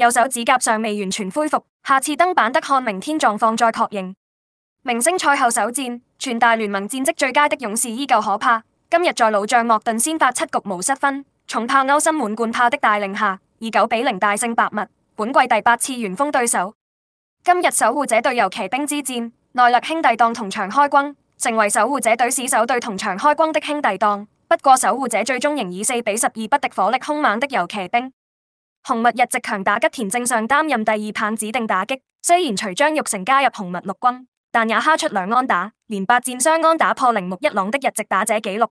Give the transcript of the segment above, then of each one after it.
右手指甲尚未完全恢復，下次登板得看明天狀況再確認。明星賽後首戰，全大聯盟戰績最佳的勇士依舊可怕。今日在老將莫頓先發七局無失分，重炮歐心滿貫炮的帶領下，以九比零大勝白襪。本季第八次完封對手。今日守護者對遊騎兵之戰，內勒兄弟檔同場開轟，成為守護者隊史首對同場開轟的兄弟檔。不過守護者最終仍以四比十二不敵火力兇猛的遊騎兵。紅襪日籍強打吉田正尚擔任第二棒指定打擊，雖然隨張育成加入紅襪六軍，但也敲出兩安打，連八戰雙安打破鈴木一朗的日籍打者紀錄。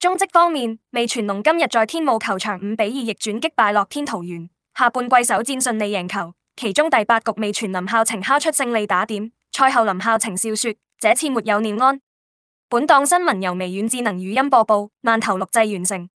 中職方面，味全龍今日在天母球場五比二逆轉擊敗樂天桃猿，下半季首戰順利贏球，其中第八局味全林孝晴敲出勝利打點。賽後林孝晴笑說：這次沒有念安。本檔新聞由微軟智能語音播報，饅頭錄製完成。